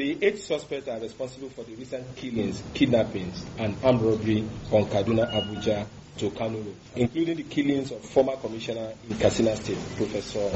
The eight suspects are responsible for the recent killings, kidnappings, and armed robbery on Kaduna, Abuja, to Kanuru, including the killings of former commissioner in Katsina State, Professor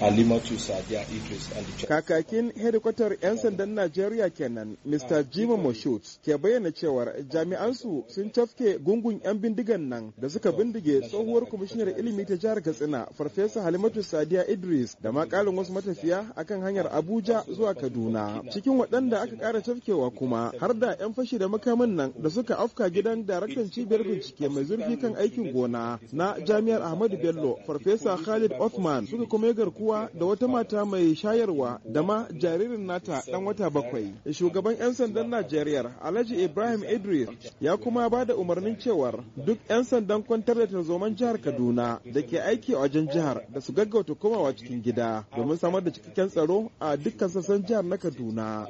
Sadia Idris and the Kakakin hedikwatar 'yan sandan Najeriya kenan, Mr. Jima Moshut, ke bayyana cewar jami'ansu sun cafke gungun 'yan bindigan nan da suka bindige tsohuwar kwamishinar ilimi ta jihar Katsina, Farfesa Halimatu Sadiya Idris da makalin wasu matafiya akan hanyar Abuja zuwa Kaduna. Cikin waɗanda aka ƙara cafkewa kuma har da 'yan fashi da makamin nan da suka afka gidan daraktan cibiyar bincike mai zurfi kan kan aikin gona na jami'ar Ahmadu Bello, Farfesa Khalid Othman suka kuma ya garkuwa da wata mata mai shayarwa da ma jaririn nata dan wata bakwai. Shugaban 'yan sandan Najeriya Alhaji Ibrahim Idris ya kuma ba da umarnin cewar duk 'yan sandan kwantar da tarzoman jihar Kaduna da ke aiki a wajen jihar da su gaggauta komawa cikin gida domin samar da cikakken tsaro a dukkan sassan jihar na Kaduna.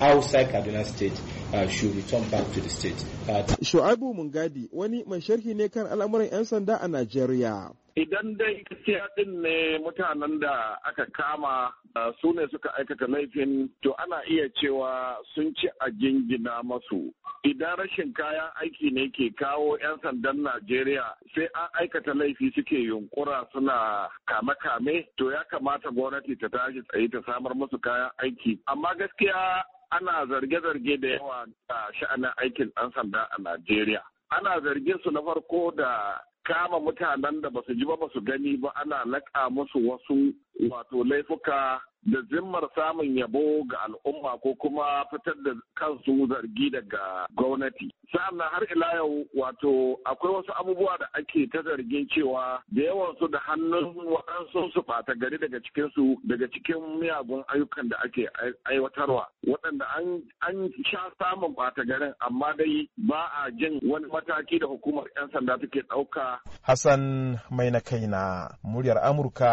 outside Kaduna Uh, should return back to the state. Uh, Shu'aibu Mungadi wani mai sharhi ne kan al'amuran 'yan sanda a Najeriya. Idan dai gaskiya din ne mutanen da aka kama uh, su ne suka aikata laifin to ana iya cewa sun ci a jingina masu. Idan rashin kayan aiki ne ke kawo 'yan sandan Najeriya sai an aikata laifi suke yunkura suna kame-kame to ya kamata gwamnati ta tashi tsaye ta samar musu kayan aiki. Amma gaskiya ana zarge-zarge da yawa da sha'anin aikin ɗan sanda a Najeriya. Ana zargin su na farko da kama mutanen da ba su ji ba su gani ba ana laƙa musu wasu wato laifuka da zimmar samun yabo ga al'umma ko kuma fitar da kansu zargi daga gwamnati. Sa'annan har ila yau wato akwai wasu abubuwa da ake ta zargin cewa da yawan su da hannun waɗansu su ɓata gari daga su daga cikin miyagun ayyukan da ake aiwatarwa waɗanda an sha samun ɓata garin amma dai ba a jin wani mataki da hukumar 'yan sanda take ɗauka. Hassan mai na kaina muryar Amurka